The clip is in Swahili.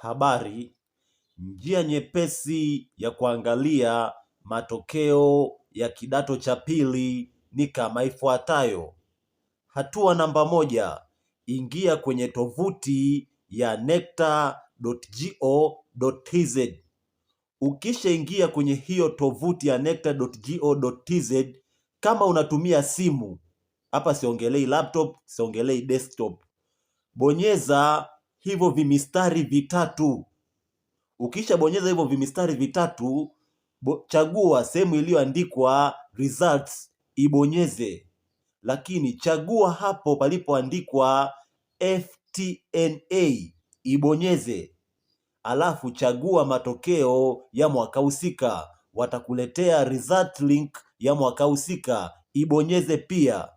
habari, njia nyepesi ya kuangalia matokeo ya kidato cha pili ni kama ifuatayo. Hatua namba moja, ingia kwenye tovuti ya necta.go.tz. Ukishaingia kwenye hiyo tovuti ya necta.go.tz, kama unatumia simu, hapa siongelei laptop, siongelei desktop, bonyeza hivyo vimistari vitatu. Ukishabonyeza hivyo vimistari vitatu, chagua sehemu iliyoandikwa results ibonyeze, lakini chagua hapo palipoandikwa FTNA ibonyeze, alafu chagua matokeo ya mwaka husika. Watakuletea result link ya mwaka husika, ibonyeze pia.